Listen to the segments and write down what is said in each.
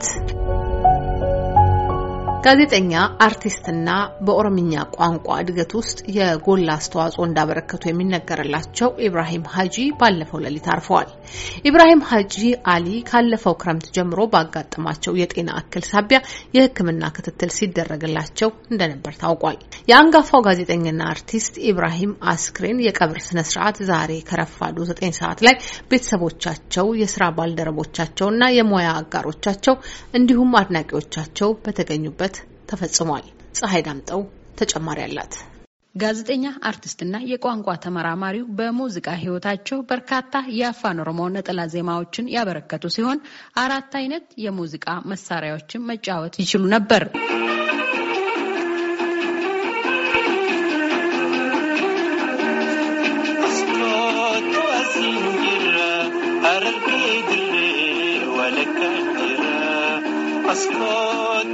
Thank ጋዜጠኛ አርቲስትና በኦሮምኛ ቋንቋ እድገት ውስጥ የጎላ አስተዋጽኦ እንዳበረከቱ የሚነገርላቸው ኢብራሂም ሀጂ ባለፈው ሌሊት አርፈዋል። ኢብራሂም ሀጂ አሊ ካለፈው ክረምት ጀምሮ ባጋጠማቸው የጤና እክል ሳቢያ የሕክምና ክትትል ሲደረግላቸው እንደነበር ታውቋል። የአንጋፋው ጋዜጠኛና አርቲስት ኢብራሂም አስክሬን የቀብር ስነ ስርዓት ዛሬ ከረፋዱ ዘጠኝ ሰዓት ላይ ቤተሰቦቻቸው፣ የስራ ባልደረቦቻቸውና የሙያ አጋሮቻቸው እንዲሁም አድናቂዎቻቸው በተገኙበት ተፈጽሟል። ፀሐይ ዳምጠው ተጨማሪ አላት። ጋዜጠኛ አርቲስትና የቋንቋ ተመራማሪው በሙዚቃ ህይወታቸው በርካታ የአፋን ኦሮሞ ነጠላ ዜማዎችን ያበረከቱ ሲሆን አራት አይነት የሙዚቃ መሳሪያዎችን መጫወት ይችሉ ነበር። Ascolta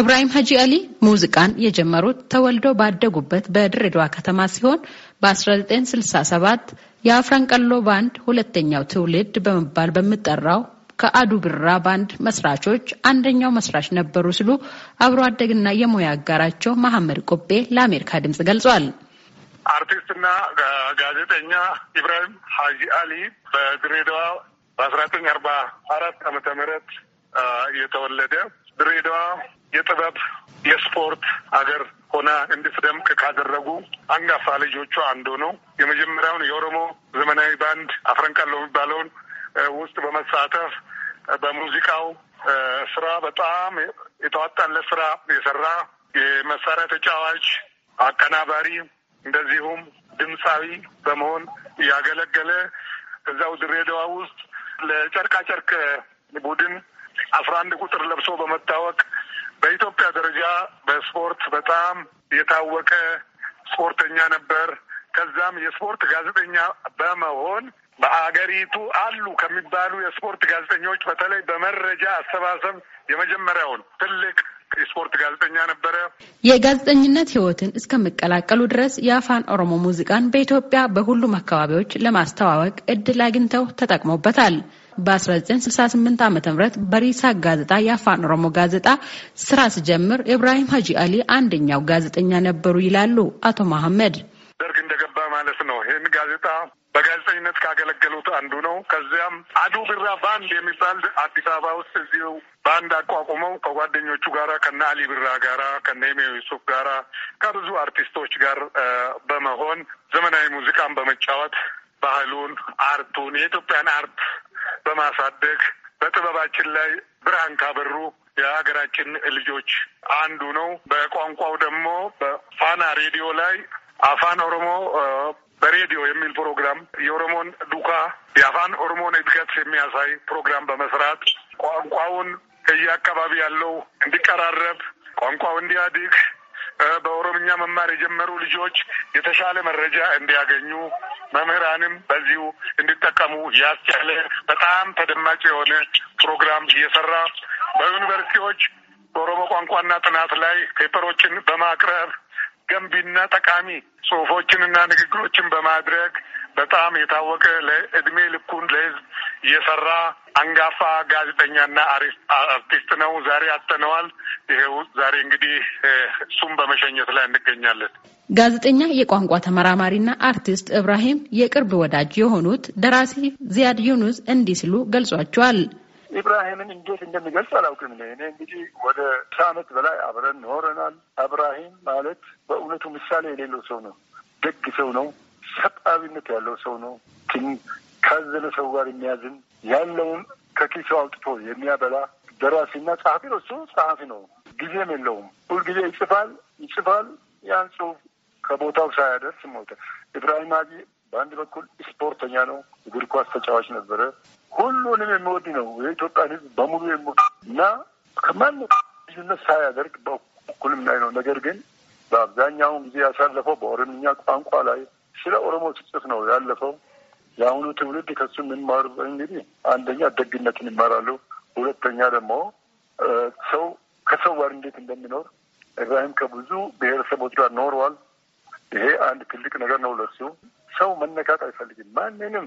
እብራሂም ሀጂ አሊ ሙዚቃን የጀመሩት ተወልደው ባደጉበት በድሬዳዋ ከተማ ሲሆን በ1967 የአፍረንቀሎ ባንድ ሁለተኛው ትውልድ በመባል በሚጠራው ከአዱ ብራ ባንድ መስራቾች አንደኛው መስራች ነበሩ ሲሉ አብሮ አደግና የሙያ አጋራቸው መሐመድ ቆቤ ለአሜሪካ ድምጽ ገልጿል። አርቲስትና ጋዜጠኛ ኢብራሂም ሀጂ አሊ በድሬዳዋ በአስራ ዘጠኝ አርባ አራት አመተ ምህረት የተወለደ ድሬዳዋ የጥበብ የስፖርት ሀገር ሆና እንድትደምቅ ካደረጉ አንጋፋ ልጆቹ አንዱ ነው። የመጀመሪያውን የኦሮሞ ዘመናዊ ባንድ አፍረንቀሎ የሚባለውን ውስጥ በመሳተፍ በሙዚቃው ስራ በጣም የተዋጣለት ስራ የሰራ የመሳሪያ ተጫዋች፣ አቀናባሪ እንደዚሁም ድምፃዊ በመሆን ያገለገለ እዛው ድሬዳዋ ውስጥ ለጨርቃጨርቅ ቡድን አስራ አንድ ቁጥር ለብሶ በመታወቅ በኢትዮጵያ ደረጃ በስፖርት በጣም የታወቀ ስፖርተኛ ነበር። ከዛም የስፖርት ጋዜጠኛ በመሆን በአገሪቱ አሉ ከሚባሉ የስፖርት ጋዜጠኞች በተለይ በመረጃ አሰባሰብ የመጀመሪያውን ትልቅ የስፖርት ጋዜጠኛ ነበረ። የጋዜጠኝነት ሕይወትን እስከሚቀላቀሉ ድረስ የአፋን ኦሮሞ ሙዚቃን በኢትዮጵያ በሁሉም አካባቢዎች ለማስተዋወቅ እድል አግኝተው ተጠቅሞበታል። በ1968 ዓ ም በሪሳ ጋዜጣ የአፋን ኦሮሞ ጋዜጣ ስራ ሲጀምር ኢብራሂም ሀጂ አሊ አንደኛው ጋዜጠኛ ነበሩ ይላሉ አቶ መሐመድ። ደርግ እንደገባ ማለት ነው። ይህን ጋዜጣ በጋዜጠኝነት ካገለገሉት አንዱ ነው። ከዚያም አዱ ብራ ባንድ የሚባል አዲስ አበባ ውስጥ እዚሁ በአንድ አቋቁመው ከጓደኞቹ ጋራ ከነ አሊ ብራ ጋራ ከነ ሜው ዩሱፍ ጋራ ከብዙ አርቲስቶች ጋር በመሆን ዘመናዊ ሙዚቃን በመጫወት ባህሉን፣ አርቱን የኢትዮጵያን አርት በማሳደግ በጥበባችን ላይ ብርሃን ካበሩ የሀገራችን ልጆች አንዱ ነው። በቋንቋው ደግሞ በፋና ሬዲዮ ላይ አፋን ኦሮሞ በሬዲዮ የሚል ፕሮግራም የኦሮሞን ዱካ የአፋን ኦሮሞን እድገት የሚያሳይ ፕሮግራም በመስራት ቋንቋውን ከየአካባቢ ያለው እንዲቀራረብ ቋንቋው እንዲያድግ በኦሮምኛ መማር የጀመሩ ልጆች የተሻለ መረጃ እንዲያገኙ መምህራንም በዚሁ እንዲጠቀሙ ያስቻለ በጣም ተደማጭ የሆነ ፕሮግራም እየሰራ በዩኒቨርሲቲዎች በኦሮሞ ቋንቋና ጥናት ላይ ፔፐሮችን በማቅረብ ገንቢና ጠቃሚ ጽሁፎችንና ንግግሮችን በማድረግ በጣም የታወቀ ለእድሜ ልኩን ለህዝብ እየሰራ አንጋፋ ጋዜጠኛና አርቲስት ነው። ዛሬ አጥተነዋል። ይሄው ዛሬ እንግዲህ እሱም በመሸኘት ላይ እንገኛለን። ጋዜጠኛ የቋንቋ ተመራማሪና አርቲስት እብራሂም የቅርብ ወዳጅ የሆኑት ደራሲ ዚያድ ዩኑስ እንዲህ ሲሉ ገልጿቸዋል። ኢብራሂምን እንዴት እንደሚገልጽ አላውቅም። እኔ እንግዲህ ወደ አስራ ዓመት በላይ አብረን ኖረናል። ኢብራሂም ማለት በእውነቱ ምሳሌ የሌለው ሰው ነው። ደግ ሰው ነው። ሰብአዊነት ያለው ሰው ነው። ግን ካዘነ ሰው ጋር የሚያዝን ያለውን ከኪሱ አውጥቶ የሚያበላ ደራሲና ጸሐፊ ነው። እሱ ጸሐፊ ነው። ጊዜም የለውም። ሁልጊዜ ይጽፋል ይጽፋል። ያን ጽሁፍ ከቦታው ሳያደርስ ሞተ። ኢብራሂም ሀጂ በአንድ በኩል ስፖርተኛ ነው፣ እግር ኳስ ተጫዋች ነበረ። ሁሉንም የሚወድ ነው። የኢትዮጵያን ሕዝብ በሙሉ የሚወድ እና ከማን ልዩነት ሳያደርግ በኩልም ላይ ነው። ነገር ግን በአብዛኛውን ጊዜ ያሳለፈው በኦሮምኛ ቋንቋ ላይ ስለ ኦሮሞ ስጭት ነው ያለፈው። የአሁኑ ትውልድ ከሱ የምንማሩ እንግዲህ አንደኛ ደግነትን ይማራሉ፣ ሁለተኛ ደግሞ ሰው ከሰው ጋር እንዴት እንደሚኖር። ኢብራሂም ከብዙ ብሔረሰቦች ጋር ኖረዋል። ይሄ አንድ ትልቅ ነገር ነው። ለሱ ሰው መነካት አይፈልግም። ማንንም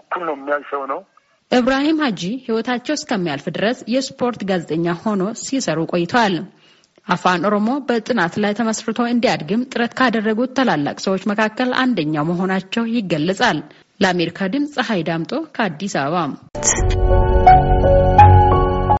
እኩል ነው የሚያይ ሰው ነው። እብራሂም ሀጂ ህይወታቸው እስከሚያልፍ ድረስ የስፖርት ጋዜጠኛ ሆኖ ሲሰሩ ቆይተዋል። አፋን ኦሮሞ በጥናት ላይ ተመስርቶ እንዲያድግም ጥረት ካደረጉት ታላላቅ ሰዎች መካከል አንደኛው መሆናቸው ይገለጻል። ለአሜሪካ ድምፅ ፀሐይ ዳምጦ ከአዲስ አበባ